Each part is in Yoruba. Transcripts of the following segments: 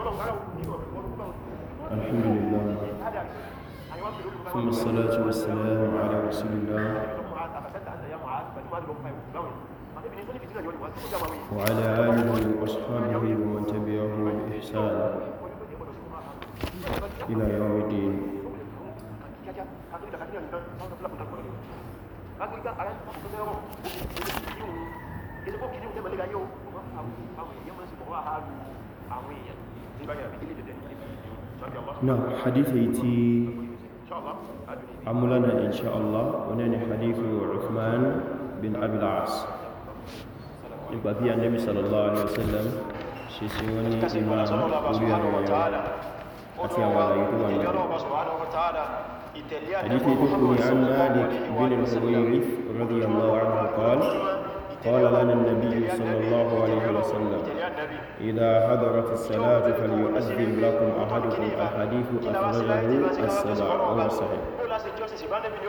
الحمد لله ثم الصلاة والسلام على رسول الله وعلى آله وأصحابه ومن تبعهم بإحسان إلى يوم الدين نعم حديث يتي عمولنا إن شاء الله ونحن حديث عثمان بن أبي العاص إن بابي النبي صلى الله عليه وسلم شسيوني إمام قولي الرواية أتيا وعليك وعليك حديث يتي قولي عن مالك بن المغيري رضي الله عنه قال قال لنا النبي صلى الله عليه وسلم إذا حضرت الصلاة فليؤذن لكم أحدكم الحديث أخرجه السبع وهو صحيح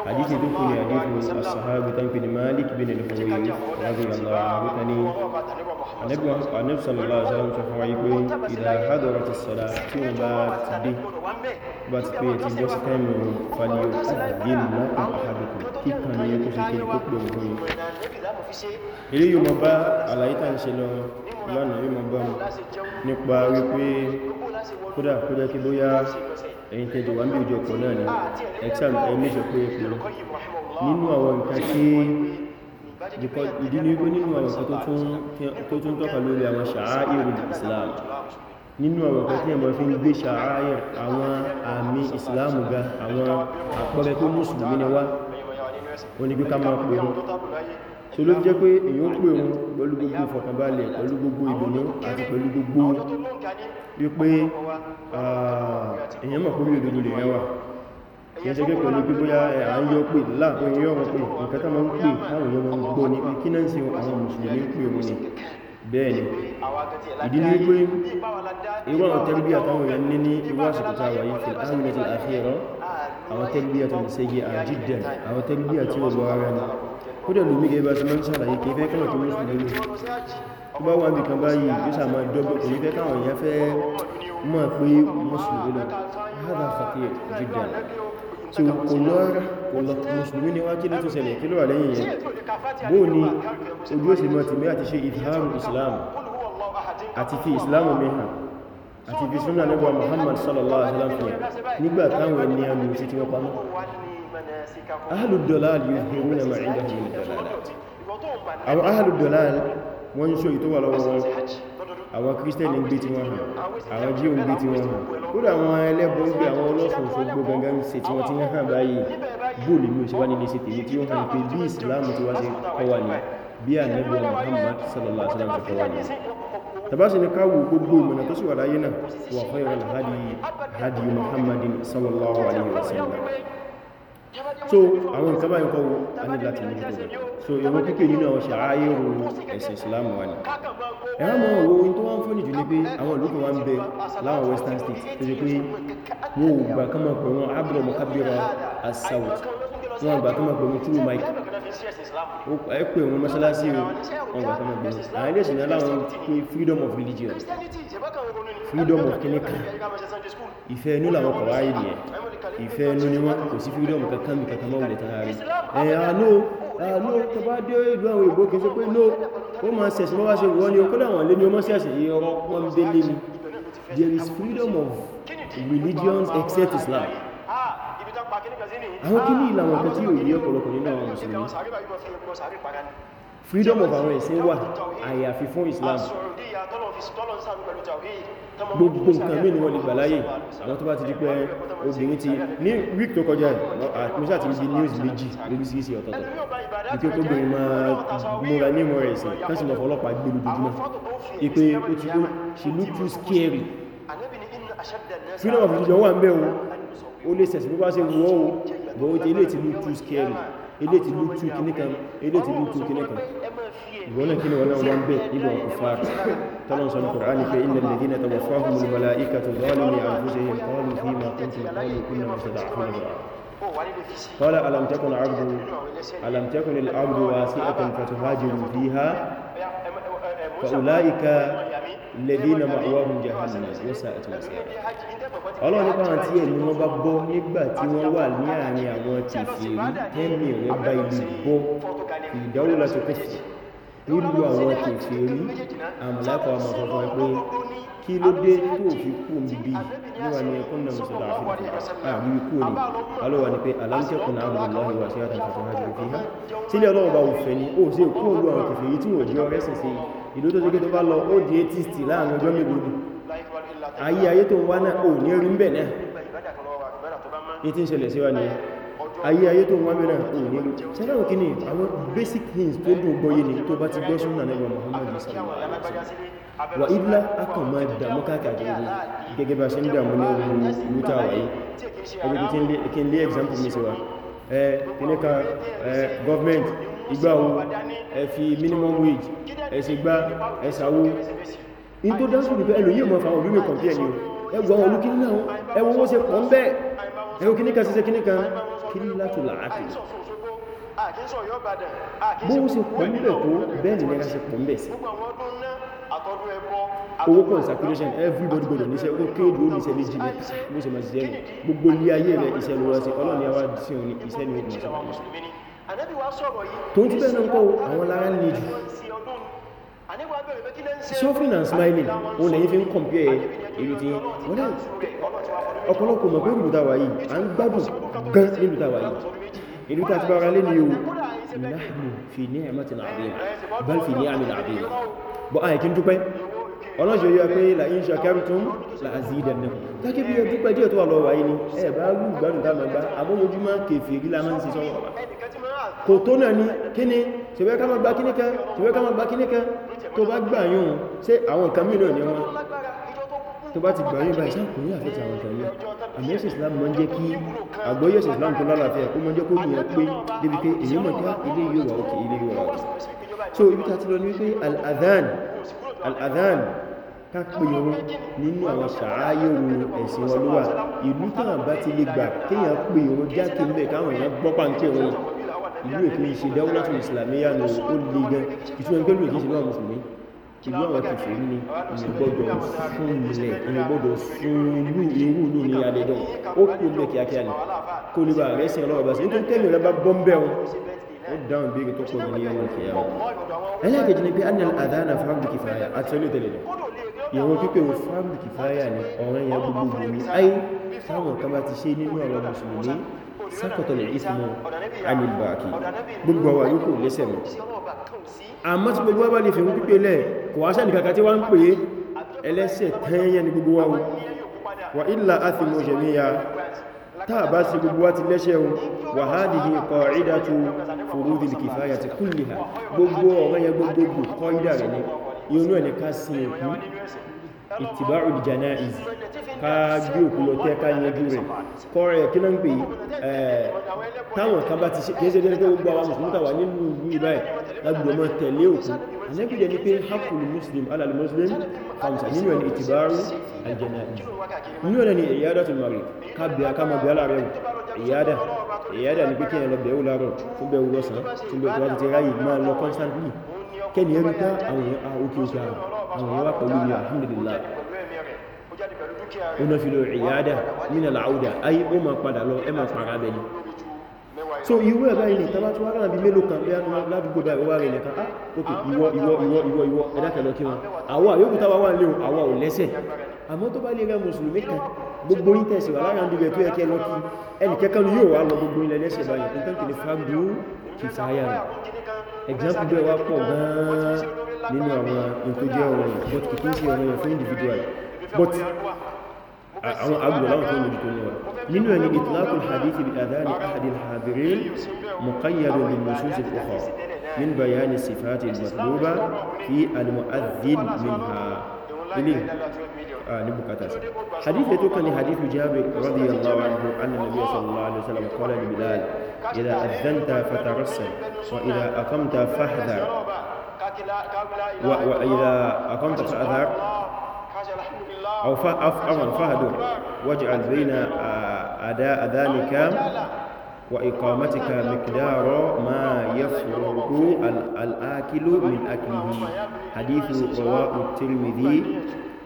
حديث بكم حديث الصحابة طيب بن مالك بن الحويرث رضي الله عنه تني النبي صلى الله عليه وسلم يقول إذا حضرت الصلاة ثم بعد دي فليؤذن لكم أحدكم كيف كان يكون كل ilé yóò mọ̀ bá àlàyítà ń ṣe lọ lánàá yóò mọ̀ bá mọ̀ nípa wípé kódà kódà kí bóyá ẹ̀yin tẹ́jọ wà ní ìjọ pọ̀ náà ni exam ẹ̀mẹ́jọ pé ẹ̀kùn nínú àwọn nǹkan tí ìdí ní wípé nínú àwọn nǹkan tó tún tọ́ka lórí àwọn ṣàáìrù Islam nínú àwọn nǹkan tí ẹmọ fi ń gbé ṣàáìrù àwọn àmì Islam ga àwọn àpẹẹrẹ pé mùsùlùmí ni wá onígbé máa pè so ló jẹ́ pé èyàn pè òun pẹ̀lú gbogbo ìfọ̀kànbalẹ̀ pẹ̀lú gbogbo ìdùnnú àti pẹ̀lú gbogbo wípé èyàn mọ̀ kórí òdòdó lè rẹwà yẹn ṣe pẹ̀lú pé bóyá à ń yọ pé láàpọ̀ èyàn ọmọ pé nǹkan tó máa ń pè táwọn èyàn máa ń gbọ́ ní pé kí náà sí àwọn mùsùlùmí ń pè òun ni bẹ́ẹ̀ ni ìdí ni wípé irú àwọn tẹ́lbíyà táwọn èyàn ní ní irú àsìkò tá a wà yìí fi ámìnà ti àfihàn àwọn tẹ́lbíyà tó ń ṣe yẹ àjíjẹ àwọn tẹ́lbíyà tí ó lọ ara ni ó dẹ̀ lómi gẹ́gẹ́ bá ti máa ń sàlàyé kìí fẹ́ kọ́nà tó mú sí lórí tó bá wà ní kan báyìí yóò sàmà dọ́gbọ́ kìí fẹ́ káwọn èèyàn fẹ́ mọ̀ pé mùsùlùmí lọ hádà fàtí àti fi islam nígbà muhammad sallallahu alaihi wasallam nígbà táwọn ènìyàn lò sí ti wọ́n ahàlùdọ̀láàlì yuzhiruna ma indahum min ad-dalalat àwọn ahàlùdọ̀láàlì wọ́n ń ṣó ìtọ́wà lọ́wọ́ wọn àwọn kírísítẹ̀lì ń gbé tí wọ́n hàn àwọn jíò ń gbé tí wọ́n hàn kódà àwọn ẹlẹ́bọ̀ ń gbé àwọn ọlọ́sùn òṣogbo gangan ṣe tí wọ́n ti ń hàn báyìí bóòlù ní òṣèwá nílé ṣe tèmi tí ó hàn pé bí ìsìláàmù ti wá sí kọwà ní bí ànẹ́bọ̀ Muhammad sallallahu alaihi wasallam kọwà ní tabasi ni kawo gbogbo ìmọ̀nà tó sì wà láyé náà wà khairul hadi hadi Muhammadin sallallahu alaihi wasallam so àwọn nǹkan báyìí kọwọ́ a ní láti mú jùlọ so ìwọ̀n pípẹ̀ nínú àwọn ṣe ààyèrò ẹ̀sìn Islam wà ní ẹ̀rọ mọ́ owó in tó wá ń fún ìjù ní pé àwọn olùkọ́ wá ń bẹ láwọn western states tó ṣe pé wọ́n ò gbà kọ́mọ̀ pẹ̀wọ́n abdul mokabira as south wọ́n gbà kọ́mọ̀ pẹ̀wọ́n true mike ẹ pè wọn mọ́sálásí wọn gbà fọ́mọ̀ gbẹ̀rẹ̀ àwọn ilé ìsìnlẹ̀ aláwọn pé freedom of religion freedom of clinical ìfẹ́ inú làwọn kọ̀wá ìdí ẹ̀ ìfẹ́ inú ni wọ́n kò sí freedom kankan mi kankan mọ́wùlẹ̀ tán rí ẹ̀ àánú ah, àánú ah, tó bá dé ìlú àwọn ìbò kìí ṣe pé no ó máa ṣẹ̀ṣẹ̀ mọ́ wá ṣe wọ́n ni ó kọ́lá àwọn lé ní ọmọ ṣẹ̀ṣẹ̀ yìí ọ̀rọ̀ wọn délé ni there is freedom of religion except Islam àwọn kí ní ìlànà kan tí yóò yí ọ̀pọ̀lọpọ̀ nínú àwọn mùsùlùmí freedom of àwọn ẹ̀sìn wà àyàfi fún Islam gbogbo nǹkan mí ni wọ́n lè gbà láyé àwọn tó bá ti di pé obìnrin ti ní week tó kọjá mọ́sá ti di news méjì lóríṣìíṣìí ọ̀tọ̀tọ̀ wípé tó gbìyàn máa múra ní mọ́ ẹ̀sìn kásì lọ fọlọ́pàá gbèrú dojúmọ́ ipé ó ti ó she look too scary freedom of religion wà ń bẹ́ ó lè sẹ̀sì nípa sí wọ́n ohun bọ̀wọ́ tí ilé ti lú tú scary ilé ti lú tú kìníkan ilé ti lú tú kìníkan wọ́nà kí ni wọ́n wọ́n bẹ̀ níbọ̀ kùfàr tọ́lọ̀ sọ ní kùránì pé innal ladhina tawaffahum al-mala'ikatu zalimi anfusihim qalu fima kuntum qalu kunna mustad'afina قال ألم تكن عبد ألم تكن العبد واسعة فتهاجر فيها fa'ulaika lẹ́dínà ma'awahun jahannam yóò sa ẹ̀tù ọlọ́run nípa àti ẹ̀mí wọn bá bọ́ nígbà tí wọ́n wà ní àárín àwọn tìfèrí tẹ́mì rẹ̀ bá ìlú bọ́ ìdáwó láti kọ́fì nílùú àwọn tìfèrí àmàlápàá ọmọ fọ́fọ́ pé kí ló dé tó fi kú níbi níwà ní ẹkùn náà mùsùlùmí àfihàn àbí ikú ni alówà ní pé aláǹtẹ̀kùn náà àbúrò lọ́wọ́ ìwà sí àtàkùn fún hajj òfin sílẹ̀ ọlọ́run bá òfin ni ó sì kú òlú àwọn kòfin yìí tí wọ́n jẹ́ ọrẹ́sìn sí i ìlú tó ṣe tó bá lọ ó di atheist láàrin ọjọ́ mẹ́gbogbo ayé ayé tó wá náà ò ní rí ń bẹ̀ náà ètí ń ṣẹlẹ̀ sí wa ní ayé ayé tó wá mẹ́rin ò ní rí sẹ́lẹ̀wò kí ni àwọn basic things tó dùn gbọ́yé ni tó bá ti gbọ́ súnà nígbà Muhammadu sallallahu alaihi wasallam wà ibla akọ̀ máa dàmú káàkiri gẹ́gẹ́ bá ṣe ń dàmú ní ọdún ìlú tàwáyé ẹgbẹ́ kí n lé example mi sí wa ẹ kí ní ka government ìgbà o ẹ minimum wage ẹ̀sìn gbá ẹ̀sàwó in tó dánsù ní pé ẹlòyìn mọ̀ fàwọn olúmi kọ̀mpí ẹni o ẹwọ àwọn olúkí náà ẹwọ wọ́n ṣe pọ̀ ń bẹ́ ẹwọ kíníkan ṣiṣẹ́ kíníkan kí látò láàáfì bó ó ṣe pọ̀ ń bẹ̀ tó bẹ́ẹ̀ ni nẹ́ra se pọ̀ ń bẹ̀ sí owó pọ̀ circulation everybody gbọdọ̀ níṣẹ́ ó kéèdù ó níṣẹ́ méjì ní bó ṣe máa ṣiṣẹ́ ní gbogbo ilé ayé rẹ̀ iṣẹ́ lọ́wọ́ sí ọlọ́ni àwọn ìṣẹ́ ní ogun ọ̀sán tó ń ti bẹ́ẹ̀ náà kọ́ àwọn lára ń le jù suffering and smiling o lẹ́yìn fi ń compare èrò tí wọ́n dá ọ̀pọ̀lọpọ̀ mọ̀ pé olùdáwà yìí a ń gbádùn gan nílùdáwà yìí ìlú tàbí bára lé ní ewu nahnu fi ni'matin 'azima bal fi ni'amin 'azima bọ́ àìkí dúpẹ́ ọlọ́ṣẹ́ yóò pé la in shakartum la azidannakum kákí bí ojú pẹ̀dí ọ̀tọ́ àlọ́wà yìí ni ẹ bá rú ìgbádùn dámà gbá abójójúmọ́ kèfì rí lámọ́ sí sọ́wọ́ kò tó náà ni kíní ṣẹ̀fẹ́ ká má gbá kíní kan ṣẹ̀fẹ́ ká má gbá kíní kan tó bá gbà yóò ṣe àwọn nǹkan mìíràn ni wọ́n tó bá ti gbà yóò bá ìṣàn kùnrin àfẹ́tì àwọn nǹkan yóò àmì ẹ̀sìn Islam mọ́ jẹ́ ah, so ibi ta ti lọ ní wípé al al-adhan ká pè irun nínú àwọn ṣàáyòrò ẹ̀sìn wọn lówà ìlú tàn bá ti lè gbà kéèyàn pè irun jákè mẹ́ káwọn èèyàn gbọ́pá ń kírun ìlú èkó ìṣe dáwọ́látò ìsìlàmíyà ní ó lè gan ìtúwọ́n pẹ̀lú èkó ìṣe náà mùsùlùmí ìlú àwọn kìfẹ́ ní ìgbọ́dọ̀ fún ilẹ̀ ìgbọ́dọ̀ fún ìlú irú ìlú ní adẹ́dọ̀ ó kú ilẹ̀ kíákíá ni kó lè bá rẹ̀ sìn ọlọ́wọ́ bá sí nítorí tẹ́lẹ̀ rẹ̀ bá bọ́m̀bẹ̀ wọn ó dáhùn béèrè tó pọ̀ ní yawon kìyàwó ẹlẹ́gẹ̀ẹ́jì ni pé annal adhana fardu kifaya àtẹ́lẹ̀ tẹ́lẹ̀ ìwọ̀n pípẹ̀ wọ fardu kifaya ni ọ̀rẹ́ ya gbogbo ní ayé táwọn kama ti ṣe nínú àwọn musulmi sákọ̀tọ̀lẹ̀ ismu anilbaki gbogbo wa yóò kò lẹ́sẹ̀ mọ́ àmọ́ tí gbogbo ni gbogbo tá a bá sí gbogbo wá ti lẹ́ṣẹ̀ ohun wà hádìí qaidatu furudi al kulliha gbogbo ọ̀rẹ́ yẹ gbogbogbò kọ́ ìdá rẹ̀ ẹni ká sin ẹ̀kú ittiba'u al-janaiz ká gbé òkú lọ tẹ́ ká yanjú kí náà ń pè táwọn kan bá ti ṣe kéèṣe jẹ́ pé gbogbo àwọn mùsùlùmí tàwà nínú ìlú ìbáyì lágbùdọ̀ mọ́ tẹ̀lé òkú àṣẹ́kùdẹ̀ ní pé hakul muslim alal muslim hamsa nínú ẹni ìtìbáru aljanari nínú ẹni ìyádà tó mari kábíà kama bí alárẹ̀wò ìyádà ìyádà ní pé kí ẹlọ bẹ̀wò láàrọ̀ tó bẹ̀wò lọ́sàn tó bẹ̀wò láti ti ráyè máa lọ constantly kẹ́ni ẹrù ká àwọn òkè ah, òkè so irú ẹ̀bá ilẹ̀ tàbá tó wárán bí mélòó kan bí ládùúgbò bá ìwọ́ rẹ̀ nìkan ah ok ìwọ ìwọ ìwọ ìwọ ìwọ ẹ̀dákẹ̀lọ kí wọn àwọ àyókù tàbá wà lè àwọ ò lẹ́sẹ̀ àmọ́ tó bá lè rẹ mùsùlùmí kan gbogbo yín tẹ̀sí wà lára ndúgbẹ̀ tó yẹ kẹ́ lọ kí ẹnì kẹ́kàn yóò wá lọ gbogbo ilẹ̀ lẹ́sẹ̀ báyìí nǹkan kìí fagbo kì fàyà rẹ̀ example bẹ́ẹ̀ wá pọ̀ gan-an nínú àwọn nǹkan jẹ́ ọ̀rọ̀ yẹn but kì í ṣe ọ̀rọ̀ yẹn fún individual but عبد الله بن الجنور من وين إطلاق الحديث بأذان أحد الحاضرين مقيد بالنصوص الأخرى من بيان الصفات المطلوبة في المؤذن منها إليه آه، حديث يتوكل حديث جابر رضي الله عنه أن النبي صلى الله عليه وسلم قال لبلال إذا أذنت فترسل وإذا أقمت فاحذر وإذا أقمت فأذر أو أف أمر فهد واجعل بين آه، أداء ذلك وإقامتك مقدار ما يفرق الآكل من أكله حديث رواه الترمذي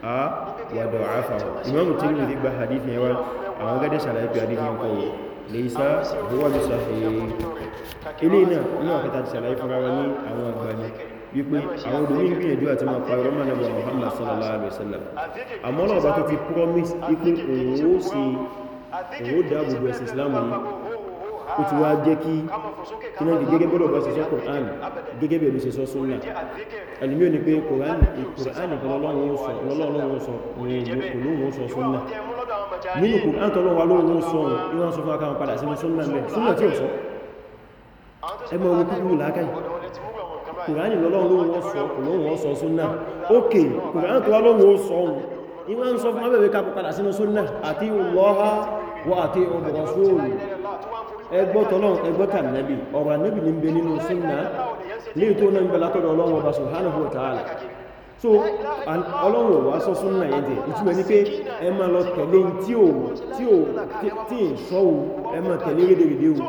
آه، وضعفه إمام الترمذي بحديث يوا أما قد شرعي في حديث يقول ليس هو بصحيح إلينا إنه قد شرعي فقالني أما قد wípé àwọn obìnrin gbìyànjú àti máa parí ọmọ nàbà Muhammad sallallahu alaihi wasallam àmọ́ náà bá ó Islam yìí ó ti wá jẹ́ kí kí náà di gẹ́gẹ́ bọ́dọ̀ bá ṣe sọ Qur'an gẹ́gẹ́ bẹ̀rù ṣe sọ súnà ẹlùmí ò ní pé Qur'an ìkọlọ́lọ́wọ́ sọ súnà nínú Qur'an tọ́lọ́wọ́ lóòrùn sọ ìwọ̀n sọ fún akáwọn padà sọ kùránì lọ́lọ́run ló wọ́n sọ kùránì wọ́n sọ súnnà ókè kùránì tó wá ló wọ́n sọ ohun ìwọ́n ń sọ fún abẹ́bẹ̀ ká padà sínú súnnà àti ìwọ́ha wọ àti ọ̀bọ̀rọ̀ sóòrùn ẹgbọ́tọ̀lọ́run ẹgbọ́tà nẹ́bì ní pé ẹ lọ tẹ̀lé tí ò tí ò tí ì sọ́wọ́ ẹ tẹ̀lé rédèrèdè wò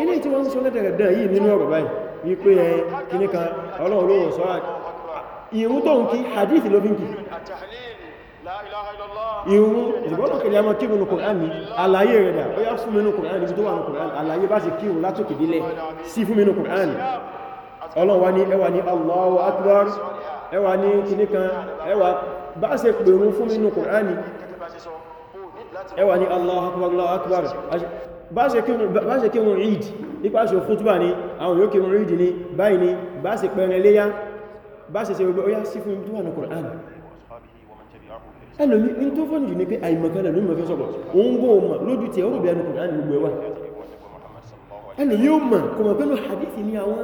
ilé tí wọ́n ń sọ lẹ́tẹ̀rẹ̀dẹ̀ yìí nínú ọ̀rọ̀ báyìí wípé ẹ eh, kíní kan ọlọ́run ló sọ́rọ̀ ah, ìrun tó ń kí hadith ló fi ń kí ìrun ìgbọ́nà kìí àmọ́ kírun ní kùránì àlàyé rẹ̀ dà ó yá fún mínú kùránì tó wà ní kùránì àlàyé bá ṣe kírun látòkè délẹ̀ sí fún mínú kùránì ọlọ́run wá ní ẹwà ní Allahu akbar ẹwà ní kíní kan ẹwà bá ṣe pèrún bá ṣe kírun ìd nípa ṣe fútbà ní àwọn yóò kírun ìd ní báyìí ní bá ṣe pẹ̀rẹ̀ léyá bá ṣe ṣe gbogbo ó yá sí fún tó wà ní Qur'an ẹlòmí in tó fọ́nì jù ní pé àìmọ̀kánà ló mọ̀ fẹ́ sọ́pọ̀ òun gbọ́ mọ̀ lójú tí ọrọ̀ bí ẹnu Qur'an gbogbo ẹwà ẹlòmí ó mọ̀ kò mọ̀ pẹ̀lú hadith ní àwọn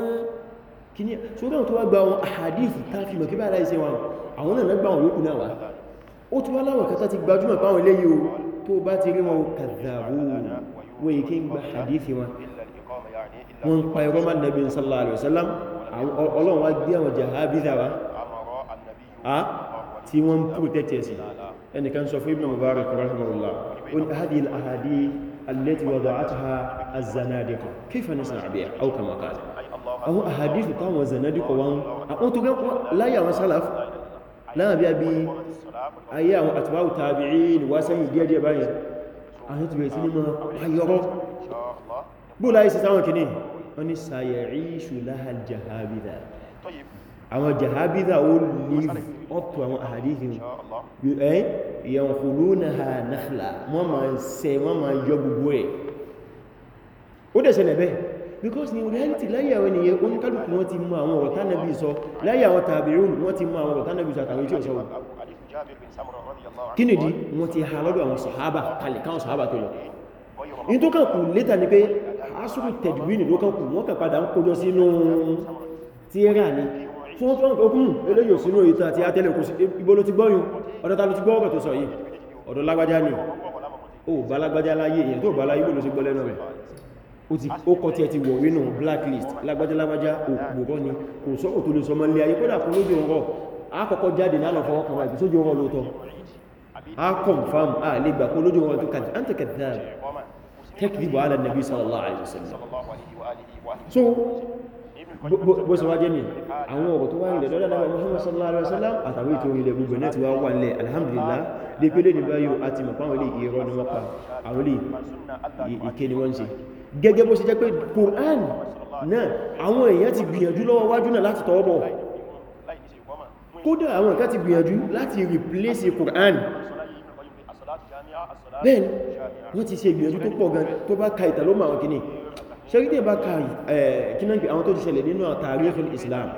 kìíní ṣogbọ́n tó wá gba àwọn hadith tá fi mọ̀ kí bá aláìsẹ́ wọn àwọn náà gbà wọn yókù náà wá ó tún wá láwọn kátà ti gbajúmọ̀ páwọn eléyìí توبات لما كذابون ويكين بحديث ما من قيرما النبي صلى الله عليه وسلم الله وديا وجهها بذبا ها تيمون بوتيتيسي ان يعني كان صفي بن مبارك رحمه الله قلت هذه الاحاديث التي وضعتها الزنادقه كيف نصنع بها او كما قال او احاديث قام الزنادقه وان لا يا مسلف láàbí àbí ayé àwọn àtìbáwò tabi'in wá sẹ́yìn díẹ̀díẹ̀ báyìí àwọn ti bẹ̀rẹ̀ sí ní mọ́ ayọ́rọ́ bó láyé sí sáwọn kìíní wọ́n ni saya'ishu laha jahabidha àwọn jahabidha ó live up to àwọn àhàdíhìn yankhulunaha because ni reality láyé àwọn ènìyàn oníkálùkù wọ́n ti mọ àwọn ọ̀rọ̀ tánàbí so láyé àwọn tàbírùn wọ́n ti mọ àwọn ọ̀rọ̀ tánàbí sọ àtàwọn tí ó sọ kí nìdí wọ́n ti ha lọ́dọ̀ àwọn sàhábà kalẹ̀ káwọn sàhábà tó lọ in tó kàn kù létà ní pé asùkù tẹ̀dùwínì ló kàn kù wọ́n kàn padà ń kójọ sínú tíẹ́rà ni fún fún okùn hmm, eléyò sínú ìta àti atẹ́lẹ̀ kò sí ibo ló ti gbọ́yùn ọ̀dọ̀ ta ló ti gbọ́ ọ̀rọ̀ tó sọ yìí ọ̀dọ̀ lágbájá ni ó bá lágbájá láyé èyàn tó bá láyé ibo ló ti gbọ́ lẹ́nu rẹ̀ ó kọ tí ẹ ti wọ̀wé náà blacklist lágbájá lágbájá òpùrọ́ ni kò sọ́kò tó lè sọmọ ilé ayé kódà kó lójú ọ̀rọ̀ akọ́kọ́ jáde lálọ́ fọwọ́ kan wáyé sójú ọ̀rọ̀ lóòótọ́ a confam a lè gbà kó lójú ọ̀rọ̀ tó kàdé ala nàbí sallallahu alaihi wasallam so bó sọ wá jẹ́ mi àwọn ọ̀rọ̀ tó wá ilẹ̀ sallallahu alaihi wasallam àtàwé tó ilẹ̀ gbogbo náà ti wá alhamdulillah lè pélé ní báyìí àti mọ̀páwọn ilé ìrọ́ ni wọ́n pa gẹ́gẹ́ bó ṣe jẹ́ pé Qur'an náà àwọn èèyàn ti gbìyànjú lọ́wọ́ wájú náà láti tọwọ́ bọ̀ kódà àwọn ǹkan ti gbìyànjú láti replace Qur'an bẹ́ẹ̀ wọ́n ti ṣe ìgbìyànjú tó pọ̀ gan tó bá ka ìtàlómà àwọn kìíní ṣẹ́rídẹ̀ bá ka kínáàgbé àwọn tó ti ṣẹlẹ̀ nínú tàríkhul Islam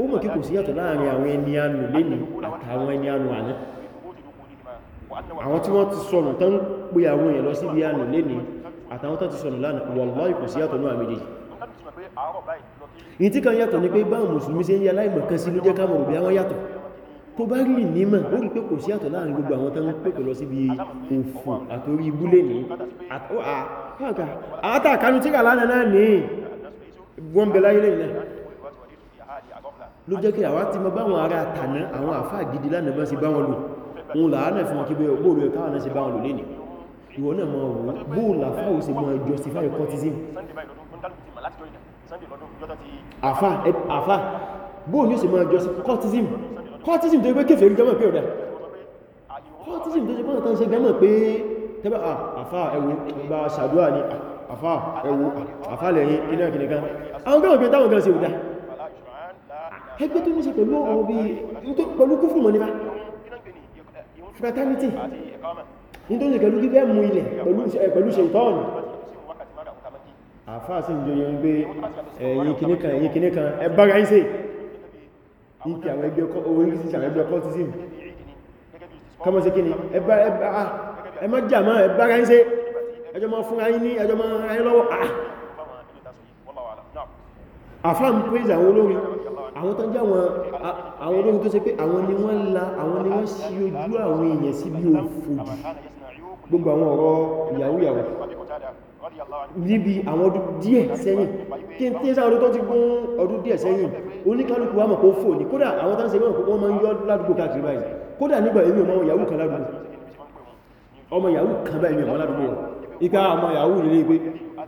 ó mọ̀ kí kò sí yàtọ̀ láàrin àwọn ẹni anù lẹ́ni àtàwọn ẹni anù àná àwọn tí wọ́n ti sọnù tán pé àwọn èèyàn lọ sí ibi anù lẹ́ni àtàwọn tó ti sọ̀nù lánàá wallahi kò sí yàtọ̀ ní àmìdí ìtí kan yàtọ̀ ní pé bá mùsùlùmí ṣe ń yà láìmọ̀ kan sí ló jẹ́ káàmù rùbí àwọn yàtọ̀ tó bá rí nímọ̀ ó rí pé kò sí yàtọ̀ láàrin gbogbo àwọn tán pèpè lọ síbi òfò àtorí ibúlé ní àtàkánú tíkà lánàá náà ní wọ́n bẹ láyé lẹ́yìn náà ló jẹ́ kí àwa ti mọ báwọn ará tàná àwọn àfáà gidi lánàá bá ṣe báwọn lò wọn làánà fún wọn kí bẹ́ẹ̀ bóòlù ẹ̀káwọn náà ṣe báwọn lò lénìí ìwọ náà máa wò bóòlù àfáà òsè máa justify cortism àfáà bóòlù yóò sì máa justify cortism cortism tó gbé kéfèé gẹ́mọ̀ pé ọ̀dá cortism tó ṣe pọ́nà tán ṣe gẹ́mọ̀ pé tẹ́bẹ̀ àfáà ẹwù bá ṣàdúrà ní àfáà ẹwù àfáà lẹ́yìn iná gẹ̀ẹ́gẹ́ àwọn gẹ́mọ̀ pé táwọn gẹ́ẹ̀ sí ọ̀dá ẹgbẹ́ tó ní ṣe pẹ̀lú ọ̀rọ̀ bí pẹ̀lú kúfù mọ́ nípa fraternity nítorí pẹ̀lú gífẹ́ mú ilẹ̀ pẹ̀lú ṣe eh, ìtọ́ọ̀nù àfáà sí ìjọ yẹn gbé ẹ̀yìn kìníkan ẹ̀yìn kìníkan ẹbára ń se ìkẹ àwọn ẹgbẹ́ orísìí àwọn ẹgbẹ́ cultism kọmọ sí kíni ẹmá jàmá ẹbára ń se ẹjọ́ mọ́ fún ayín ní ẹjọ́ mọ́ ayín lọ́wọ́ ah. àfáà ń pèsè àwọn olórin àwọn tó jẹ́ àwọn olórin tó ṣe pé àwọn ni wọ́n la àwọn ni wọ́n sí ojú àwọn èèyàn sí bí òfòjì gbogbo àwọn ọ̀rọ̀ ìyàwó ìyàwó níbi àwọn ọdún díẹ̀ sẹ́yìn kí n tí ń sáwọn tó ti gún ọdún díẹ̀ sẹ́yìn oníkálùkù wà mọ̀ kó fò ní kódà àwọn tán ṣe mọ̀ kó wọ́n yọ ládùúgbò káàkiri báyìí kódà nígbà èmi ọmọ yahoo kan ládùúgbò ọmọ yahoo kan bá èmi ọmọ ládùúgbò ipa ọmọ yahoo nílé pé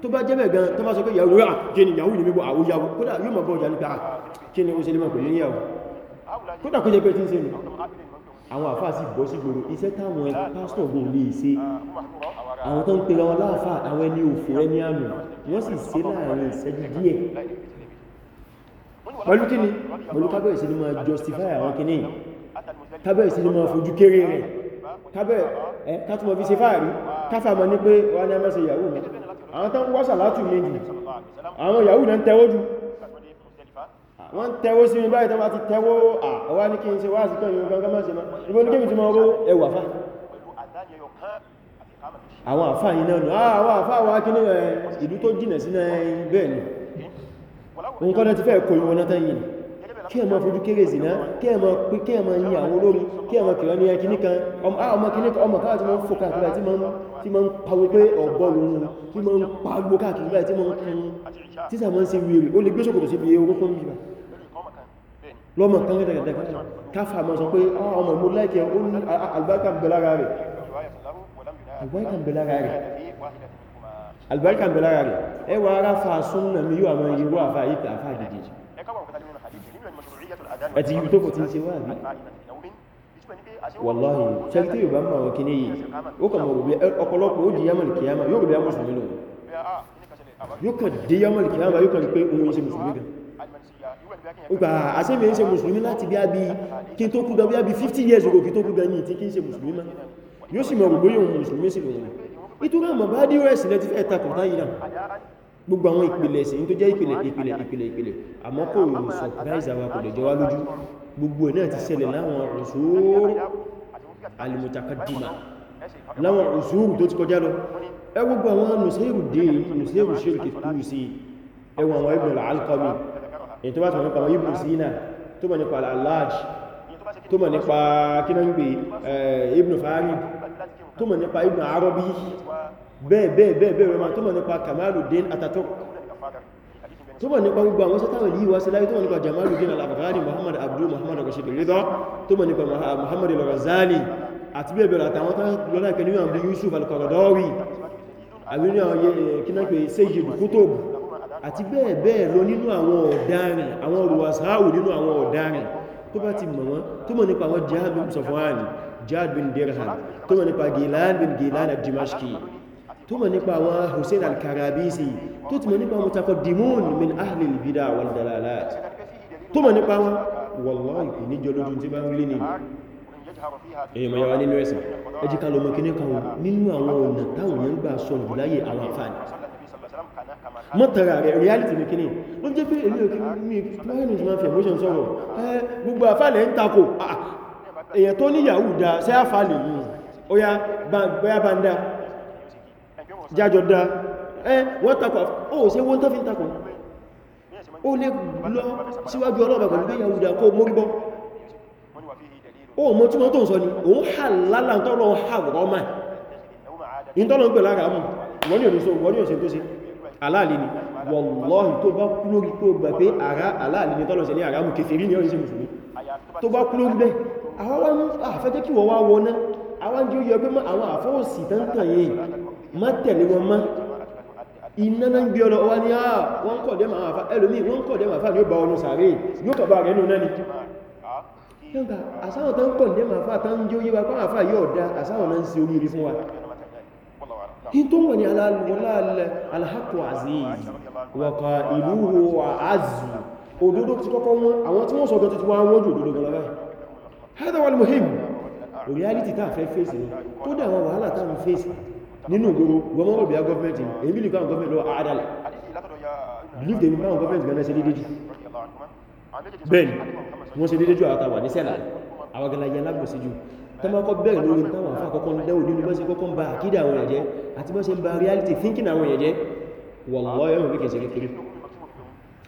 tó bá jẹ́ gan tó bá sọ pé yahoo rà kí ni yahoo àwọn àfáà sì bọ́ sí gbòòrò iṣẹ́ táwọn ah. pásítọ̀ gbòòrò lè ṣe ah, àwọn tó ń pera wọn láàfà àwọn ẹni òfò ẹni àmì wọ́n sì ṣe láàrin ìṣẹ́jú díẹ̀ pẹ̀lú kíni pẹ̀lú kábẹ̀rẹ̀ sí ni máa justify àwọn kíní kábẹ̀rẹ̀ sí ni máa fojú kéré rẹ̀ kábẹ̀rẹ̀ kátùmọ̀ fi ṣe fáàrí káfà mọ́ ní pé wọ́n ní a máa ṣe yahoo àwọn tán wọ́sà látù méjì àwọn yahoo náà tẹ́wọ́jú wọ́n tẹ́wó sí mi báyìí tó bá ti tẹ́wó àwá ní kí n ṣe wá sí kọ́yìn ọgbọ́n gọ́mọ́ sí ma ìbò ní kébì tí ma owó ẹwà fà àwọn àfà yìí náà nù àwọn àfà wá kí ní ìlú tó jìnà sí náà bẹ́ẹ̀ ni òun kọ́nà ti fẹ́ kò yíwọ́n náà tẹ́yìn kí ẹ ma fojú kéré sí náà kí ẹ ma pín kí ẹ ma yin àwọn olórí kí ẹ ma kìrọ ní ẹkì níkan ọmọ kìíní ọmọ káà tí ma ń fò káàkiri tí ma ń pawó pé ọ̀gbọ́ lóòrùn tí ma ń pàgbó káàkiri tí ma ń kún títà ma ń ṣe wèrè ó lè gbé ṣòkòtò sí ibi orúkún bíbá lọ́mọ kan rẹ̀ dẹ̀dẹ̀ káfà mọ́ sọ pé ah, ọmọ mú láìkẹ́ albarka belára rẹ̀ albarka belára rẹ̀ ẹwà ara fa súnnà mi yíwa mọ́ yíwa àfà ìpẹ̀ àfà gidi ẹ̀tì yíò tó kò tí ń ṣe wà bí wàláhì ṣẹ́gbẹ́ yóò bá mọ̀ ọ̀rọ̀ kìíní yìí ó kà mọ̀ ọ̀pọ̀lọpọ̀ ó di yamal kìyàmà ìgbà àṣẹ́mì ń ṣe mùsùlùmí láti bí ábí kí tó kúgbà bí ábí 50 years ago kí tó kúgbà ní ìtí kí ń ṣe mùsùlùmí má yóò sì mọ̀ gbogbo yóò mùsùlùmí sí lòun ìtura mọ̀ bá dí rẹ̀sì lẹ́ti fẹ́ takùn táyì náà gbogbo àwọn ìpìlẹ̀ sí tó jẹ́ ìpìlẹ̀ ìpìlẹ̀ ìpìlẹ̀ ìpìlẹ̀ àmọ́ kò surprise àwa kò lè jọ wá lójú gbogbo ẹ̀ náà ti ṣẹlẹ̀ láwọn usur al-mutaqaddima láwọn usur tó ti kọjá lọ ẹ gbogbo àwọn nùsẹ́rù dé nùsẹ́rù ṣe kìfúrú sí ẹwọ̀n àwọn èyí tó bá tọ̀ nípa ibn Sina tó mọ̀ nípa al-Allaj tó mọ̀ nípa kíná eh, tó mọ̀ nípa ibn Arabi bẹ́ẹ̀ tó mọ̀ nípa Kamaluddin Ataturk tó àwọn sátàwà yìí wá sí láyé tó àti bẹ́ẹ̀ bẹ́ẹ̀ lọ nínú àwọn ọ̀daràn àwọn olùwàsáàwò nínú àwọn ọ̀daràn tó bá ti mọ̀ wọ́n tó mọ̀ nípa àwọn jihad bin safwan jihad bin dirham tó mọ̀ nípa gilan bin gilan al-dimashqi tó mọ̀ nípa àwọn hussein al-karabisi tó ti mọ̀ nípa àwọn taqaddimun min ahli al-bid'a wal dalalat tó mọ̀ nípa wọn wallahi kò ní jọ lójú tí bá ń ní èyí mọ̀ yàwá nínú ẹ̀sìn ẹjíká lọ kan nínú àwọn ọ̀nà táwọn yẹn gbà sọ ìgbìláyè àwọn àfáàní mọ́tara rẹ̀ reality ní kíní ló jẹ́ pé èlé òkè ní parents ma fi emotion sọ́rọ̀ ẹ gbogbo àfàlẹ̀ ń takò èyàn tó ní yahoo dá sẹ́ àfàlẹ̀ yìí oya bá ń dá jájọ dá ẹ wọ́n takò ó ṣe wọ́n tó fi ń takò ó lè lọ síwájú ọlọ́ọ̀bà pẹ̀lú pé yahoo dá kó mórígbọ́ ó mọ́ tí wọ́n tó ń aláàlì ni wallahi tó bá kú lórí tó gbà pé ara aláàlì ni tọ́lọ̀ṣẹ̀ ní àrámù kèfèrí ní oríṣẹ́ mùsùlùmí tó bá kú lórí bẹ́ẹ̀ àwọn àfẹ́jẹ́ ah, kí wọ́n wá wọná àwọn jí ó yọ pé àwọn àfọ́wọ̀sì tántàn yìí má tẹ̀lé wọn má iná náà ń gbé ọlọ wá ní àà ah, wọ́n kọ̀ dẹ́mà àfà ẹlòmí wọ́n kọ̀ dẹ́mà àfà ní ó tán kọ̀ dẹ́mà in tó wọ́n ni alhaku aziz wọ̀kà ìlú azu òdodo ti kọ́kọ́ wọn àwọn tí wọ́n sọ gẹ́tù wọ́n wọ́n jù òdodo gọ́lọ́gbà hada wal muhim reality ta fẹ́ fèsì ni tó dà wọn wàhálà ta fi fèsì nínú ìgboro wọ́n mọ́ òbí gọ́ọ̀mẹ́ntì èyí bí nìkan gọ́ọ̀mẹ́ntì lọ àádàlẹ̀ believe the jù bẹ́ẹ̀ wọ́n tọ́mọ́kọ́ bẹ̀rẹ̀ lórí táwọn àfá àkọ́kọ́ ń dẹ́wò nínú bọ́sí kọ́kọ́ ń ba àkídà àwọn ẹ̀jẹ́ àti bọ́sí ń ba reality thinking àwọn ẹ̀jẹ́ wọ̀lọ́ ẹ̀rùn bí kẹsẹ̀ kékeré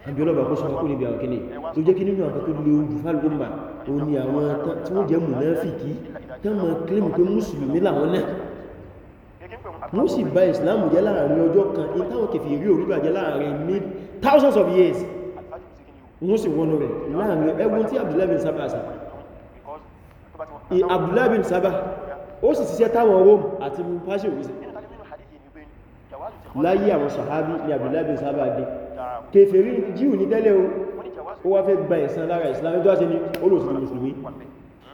abiola bàkó sọ kó níbi àwọn kìíní tó jẹ́ kí nínú àwọn tó lè ojú fálgọ́mbà ó ní àwọn tí wọ́n jẹ́ mùnáfìkì tẹ́mọ̀ kílìmù pé mùsùlùmí làwọn náà wọ́n sì bá islam jẹ́ láàrin ọjọ́ kan in táwọn kẹfì rí orígbà jẹ́ láàrin mid thousands of years wọ́n sì wọ́n rẹ̀ láàrin ẹgbùn tí abdullahi bin sabasa Abdullah bin Sabah ó sì ṣiṣẹ́ táwọn Rome àti Persia òwúsí láyé àwọn sàhábí ní Abdullah bin Sabah dé kèfèrí jíù ní tẹ́lẹ̀ o ó wá fẹ́ gba ẹ̀san lára ìsìlámi tó wá sí ní olóòsìlú mùsùlùmí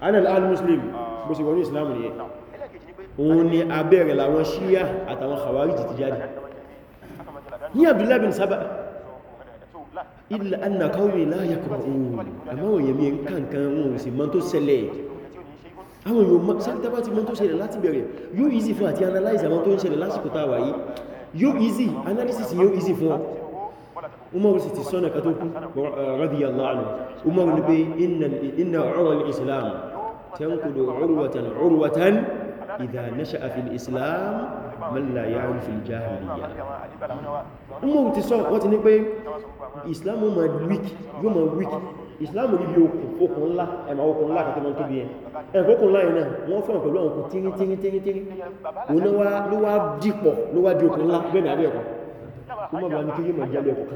anal al-muslim bó sì wọ́n ní ìsìlámù nìyẹn òun ni abẹ́rẹ̀ làwọn ṣíyà àtàwọn Khawarij ti jáde ní Abdullah bin Sabah illa anna qawmi la yaqra'un àmáwòyẹ̀mí nǹkan wọn ò sì mọ́ tó ṣẹlẹ̀ àwọn yóò mọ́ sáàtà bá ti mọ́ tó ṣẹlẹ̀ láti bẹ̀rẹ̀ yóò easy fún àti analyze àwọn tó ń ṣẹlẹ̀ lásìkò tàwà yìí yóò easy analysis yóò easy fún ọ umaru sì ti sọ́nà kató radiyallahu anhu umaru ní pé inna urwa al-islam tanqudu urwatan urwatan idha nasha'a fil islam mọ́lá yà ń fi jahiliya umaru ti sọ wọ́n ti ní pé islamu ma weak yóò ma weak islamu níbi okùn ńlá ẹ̀mà okùn ńlá kàtọ́ wọn tóbi ẹ̀ ẹ̀kọ́kùn ńlá yìí náà wọ́n fọ́n pẹ̀lú àwọn kò tíní tíní tíní tíní òun ló wá dìpọ̀ ló wá di okùn ńlá bẹ́ẹ̀ ní abẹ́ ẹ̀kọ́ kuma ba ní kí yí ma jẹ́ lẹ́kọ̀ọ́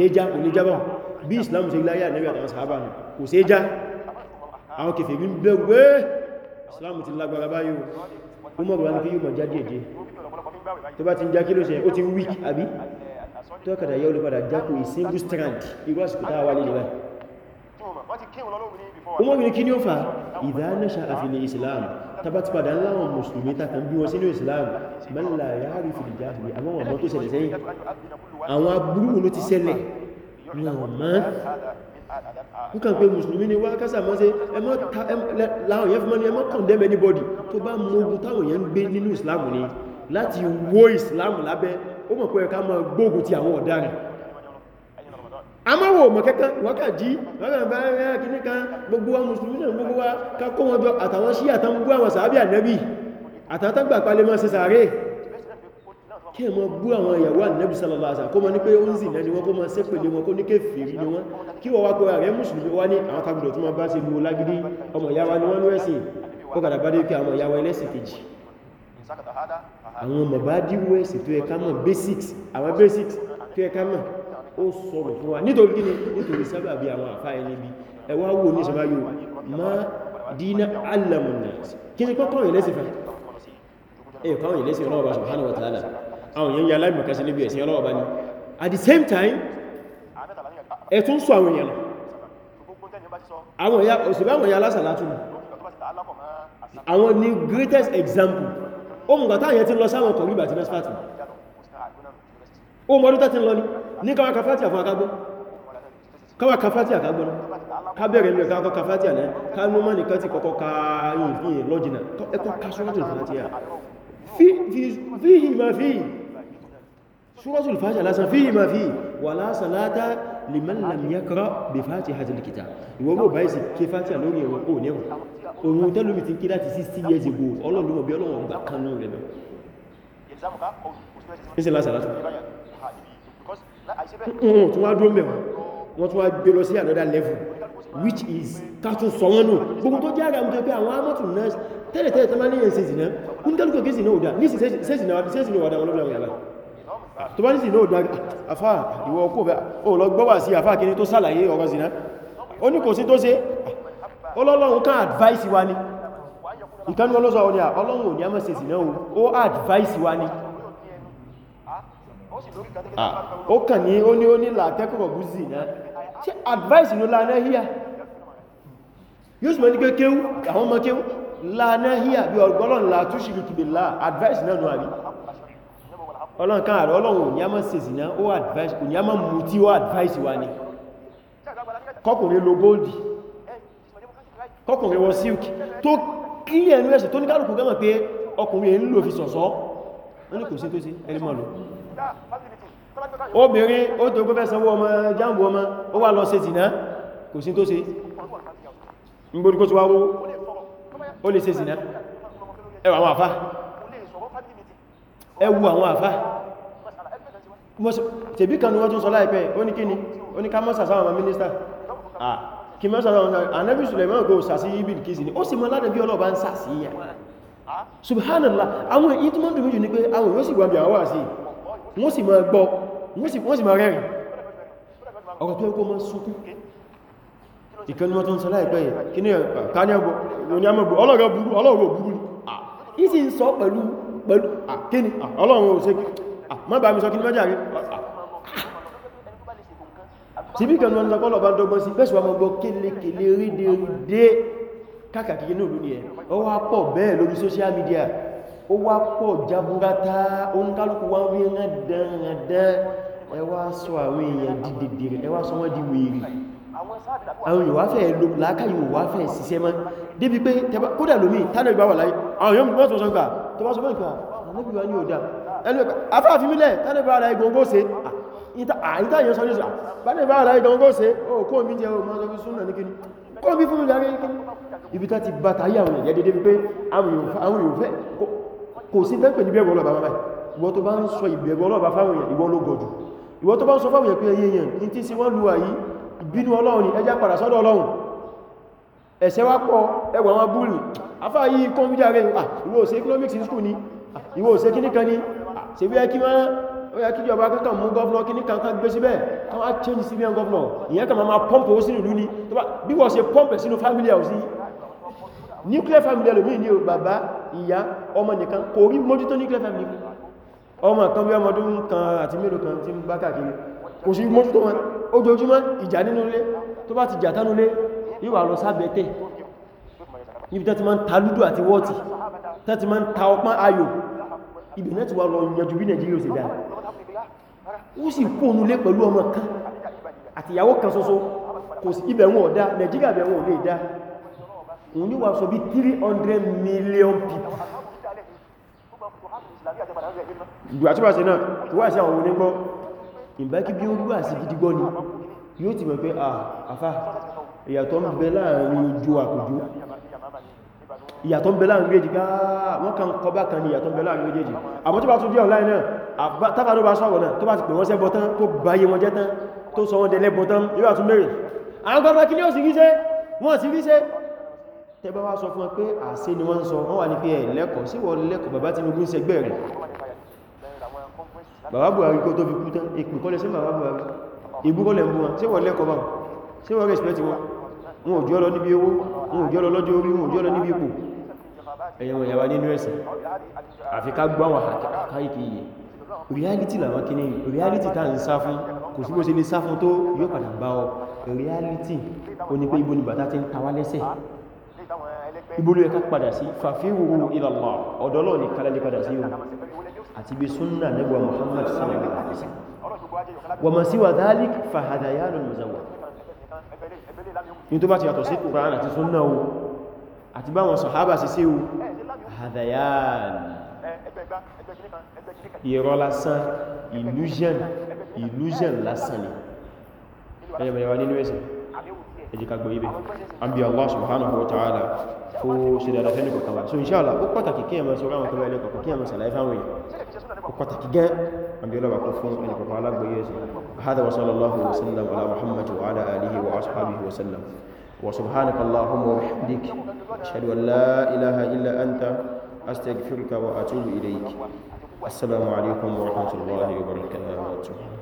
ẹ̀ kí islam ṣe láyé ànẹ́bí àtàwọn sàábà ní kò sí já àwọn islam ti lágbára báyìí umar wani fi yíò mọ̀ já díẹ̀díẹ̀ tó bá ti ń já kí ló ṣe ó ti ń wík àbí tó kàdà yẹ́ olùpadà jákò ìsingle strand irú àsìkò tàà wà nílẹ̀ umar ni kí ni ó fa ìdánẹ́ṣà àfihàn islam tabbati padà láwọn musulmi ta kan bí wọn sínú islam mẹ́lá ya rí fìdí jáde àwọn ọmọ tó ṣẹlẹ̀ sẹ́yìn àwọn abúrú ló ti ṣẹlẹ̀ wọn mọ́ n kàn pé mùsùlùmí ni wá kásà mọ́ sí láwọn yẹn fún mọ́ ní ẹmọ́ condemn anybody tó bá mú ogun táwọn yẹn ń gbé nínú islam ni láti wó islam lábẹ́ ó mọ̀ pé ẹ̀ká mọ́ gbógun ti àwọn ọ̀daràn amáwò mọ̀ kẹ́kẹ́ wákàjí wákàjí kìníkan gbogbo wa mùsùlùmí náà gbogbo wa ká kó wọn jọ àtàwọn sí àtàwọn gbogbo àwọn sàábì ànẹ́bì àtàwọn tágbà palẹ́mọ́ sí sàárè kí ẹmọ bú àwọn ìyàwó ànẹ́bì sálàlásà kó mọ́ ní pé ó ń zìnà ni wọ́n kó mọ́ sẹ́pẹ̀lẹ̀ wọn kó ní kéfèrí ni wọ́n kí wọ́n wá kó rẹ̀ mùsùlùmí wá ní àwọn kagbùdọ̀ tó máa bá ṣe lú lágídí ọmọ ìyáwá ni wọ́n ń rẹ́sìn ó kàdà bá dé basics àwọn basics tó ẹka mọ̀ ó sọ̀rọ̀ fún wa nítorí kí ni nítorí sábà bí àwọn àfáà ẹni bí ẹwà wò ní ìṣẹ́bá yóò má dínà alamunna kí ni wa ta'ala àwọn èèyàn ya aláìmọ̀kan sí níbi ẹ̀sìn ọlọ́wọ́ bá ní at the same time ẹ̀tún sọ àwọn èèyàn àwọn èèyàn òṣèlú àwọn èèyàn àwọn ni greatest example ó mú gbàtà àyẹ́ tí lọ sáwọn kọ̀rí bàtí náà fàtì ó mọ́dún tàti lọ ní ní káwà kafátíà fún kábẹ̀rẹ̀ ilẹ̀ káwà kafátíà náà ká ní mọ́ nìkan ti kọ́kọ́ ká yìí lọ́jìnà ẹkọ́ kásọ́rọ̀tì fàtíà fi hì máa fi hì suratul fatiha lásán fi ma fi wala salata liman lam yaqra bi fatihatil kitab ìwọ́n mọ̀ báyìí sí ké fatiha lórí ẹ̀rọ kò ní ẹ̀wọ̀n òun tẹ́lómi ti kí láti 60 years ago ọlọ́run mọ̀ bí ọlọ́run gbà kan náà rẹ̀ lọ ìsìn lásán which is kátún sọ wọ́n nù gbogbo tó jẹ́ àgbàmù tó pé àwọn amọ́tún náà tẹ́lẹ̀tẹ́lẹ̀ tó má ní ẹ̀sìn ìsìn náà kúndẹ́lùkọ̀ gẹ́sìn náà ò dá ní ìsìn náà wà dáwọn ọlọ́gbọ̀n àwọn tó bá ní sí náà dáa afá ìwọ ọkọ̀ bẹ́ o lọ gbọ́wà sí afá kí ní tó sàlàyé ọ̀rọ̀ zina ó ní kò sí tó ṣe ọlọ́lọ́run kan advice wa ni ìkanú ọlọ́sọ ọ̀nà ọlọ́run ò ní àmọ́sẹ̀ sí náà ó advice wa ni ó kàn ní ó ní ó ní làtẹ́kọ̀ọ̀ bú zina ṣe advice ló lánà híyà yóò sì mọ́ ní pé kéwú àwọn ọmọ kéwú lánà híyà bí ọgbọ́lọ́n látúṣìrìkìbìlá advice náà nù àrí ọlọ́run kan àrẹ ọlọ́run òní a máa ṣe ìsìná ó advice òní a máa mú tí ó advice wa ni kọkùnrin lo gold kọkùnrin wọ silk tó kí ẹnu ẹ̀ṣẹ̀ tó ní kálùkù gẹ́mọ̀ pé ọkùnrin èyí lò fi sọ̀sọ́ wọ́n ní kò sí tó sí ẹlẹ́mọ̀ lò obìnrin ó tó gbọ́fẹ́ sanwó ọmọ jáǹbù ọmọ ó wà lọ ṣe ìsìná kò sí tó sí ń gbórí kó ti wá ó lè ṣe ẹwu àwọn àfá tèbí kan ní wọ́n tún sọ láìpẹ́ oníkíní oníká mọ́sà sáwọn mínísítà kí mọ́sà sáwọn anẹ́bí Suleiman go sàsí ibi kìsì ni ó sì mọ́ ládẹ́bí ọlọ́ọ̀bá ń sàsí yà subhanallah àwọn èyí tó mọ́ dùn méjì ní pé àwọn yóò sì gbàbí àwọ́ àsì wọ́n sì mọ́ gbọ́ wọ́n sì mọ́ rẹ̀rìn ọ̀rọ̀ tó ẹkọ́ mọ́ sunkún ìkẹni wọ́n tó ń sọ láìpẹ́ yìí kí ní ẹ̀kọ́ ọlọ́rọ̀ burú ní ìsìn sọ pẹ̀lú pẹ̀lú àkíní ah, ah, ọlọ́run ò ṣe ah, mọ́ bá mi sọ kí ní mẹ́jà rí tí bí kẹnu ọ̀nà kọ́lọ̀ bá dọ́gbọ́n sí bẹ́ṣù wọn gbọ́ kélékèlé rídérídé kákàkiri ní olúni ẹ̀ ó wá pọ̀ bẹ́ẹ̀ lórí social media ó wá pọ̀ jaburata oníkálùkù wá rí rán dán rán dán ẹ wá sọ àwọn èèyàn dìdìdì ẹ wá sọ wọ́n di wèrè àwọn Yorùbá fẹ́ láàká Yorùbá fẹ́ ṣiṣẹ́ mọ́ débi pé kódà lómi tánàbí bá wà láyé àwọn yóò mọ́ tó sọ gbà tó bá sọ mọ́ ìpá ah, ànábì wá ní ọ̀dá ẹlùpẹ̀ afáàfin mílẹ̀ tánàbí bá láyé gbogbo ṣe àìtàyẹ ah, ah, sọ ní sọ bá ní bá láyé gbogbo ṣe ó oh, kó mi jẹ́ ọmọ oh, ọmọ súnà ní kíní kó mi fún mi lárí kíní ibi tá ti bá tayé àwọn ìyẹ́ dédé wípé àwọn èèyàn fẹ́ kò sí tẹ́pẹ̀ níbi ẹgbọ́ ọlọ́ba báyìí ìwọ tó bá ń sọ ìbẹ̀gbọ́ ọlọ́ba fáwọn èèyàn ìwọ ló gọ̀jù ìwọ tó bá ń sọ fáwọn èèyàn pé ẹyẹ èèyàn ní tí sí wọ́n lù àyí ìbínú ọlọ́run ni ẹjá padà sọ́dọ̀ ọlọ́run ẹ̀ṣẹ̀ wá pọ̀ ẹwà wọn búrì afá yìí kọ́mídà rẹ̀ ìwọ òṣè economics in school ni ìwọ òṣè kíníkan ni ṣe bí ẹkí wọ́n ó yẹ kí ìjọba kankan mú gọ́ọ̀nà kíníkan kan gbé síbẹ̀ kan wá change sí bíyàn gọ́ọ̀nà ìyẹn kan máa pọ́mpù ó sínú ìlú ni bí wọ́n ṣe pọ́mpù sínú family house yìí nuclear family ẹlòmíì ní o bàbá ìyá ọmọ nìkan kò rí mójútó nuclear family ọmọ kan bí ọmọdún kan àti mélòó kan ti ń bá káàkiri kò sí mójútó wọn ojoojúmọ́ ìjà nínú ilé tó bá ti jà tánú ilé yíwà lọ sábẹ̀tẹ̀ níbi tẹ́ ti máa ń ta lúdù àti wọ́ọ̀tì tẹ́ ti máa ń ta ọpán ayò ibẹ̀ náà ti wà lọ yanjú bí Nàìjíríà ṣe dá ó sì kóònú lé pẹ̀lú ọmọ kan àtìyàwó kan ṣoṣo kò sí ibẹ̀ wọn ọ̀dá Nàìjíríà bẹ̀ wọn ò lè dá òun ní wà sọ bí 300 million people ìgbà tí wà sí náà ìwà sí àwọn onígbọ́ ìbákí bí ó gbà sí gidi gbọ́ ni yóò ti mọ̀ pé ah, àfá ìyàtọ̀ ń bẹ láàrin ojú àkójú ìyàtọ̀ ń bẹ láàrin méjì ah, wọ́n kan kọba kan ní ìyàtọ̀ ń bẹ láàrin méjì àmọ́ tó bá tún jẹ́ online náà tábà ló bá sọ̀rọ̀ náà tó bá ti pè wọ́n sẹ́bọ tán tó báyé wọn jẹ́ tán tó sọ wọ́n dẹ̀lẹ́ bọ tán yóò àtún mẹ́rin àwọn gbọ́gbọ́ kí ní òsì ríṣẹ́ wọ́n sì ríṣẹ́ tẹ́bá wá sọ fún wọn pé àṣẹ ni wọ́n sọ wọ́n wà ní bàbá buhari kó tó fi kú tán ìpì kọ́lẹ̀ sí bàbá buhari ìbú kọ́lẹ̀ bú wọn sí wọ́n lẹ́kọ̀ọ́ bá sí wọ́n respect wọn wọn ò jọ lọ níbi owó wọn ò jọ lọ lọ́jọ́ orí wọn ò jọ lọ níbi ipò ẹ̀yẹ̀ wọn yàwá nínú ẹ̀sìn àfi ká gbọ́ reality làwọn kìíní reality tá ń sá fún kò sí bó ṣe ní reality ó ní pé ibo ni bàtà ti ń ibolo ẹka padà sí fàfíwòrò ilallah ọ̀dọ́lọ́ ní kalali padà sí yóò àti bí súnnà nígbà muhammad sallallahu alaihi wasallam wa ma siwa dhalik fa Qur'an àti súnnà o àti bá wọn sàhábà sí sí o hadayan irọ́ lásán ni ẹyẹmẹ̀yẹwà ẹjẹ́ ká gbọ́yé bẹ́ àbí Allah subhanahu wa ta'ala kó ṣe dada fẹ́ nípa kawà so inshallah ó pàtàkì kí ẹmọ sọ́rọ̀ àwọn kọlọ ilẹ̀ kọ̀kọ̀ kí ẹmọ sàlàyé fáwọn èèyàn ó pàtàkì gẹ́ àbí ọlọ́wà kó fún ẹni kọ̀kọ̀ alágbọ́yé sí hada wa sallallahu wa sallam ala muhammad wa ala alihi wa ashabihi wa sallam wa subhanaka allahumma wa bihamdik ashhadu an la ilaha illa anta astaghfiruka wa atubu ilayk assalamu alaikum wa rahmatullahi wa barakatuh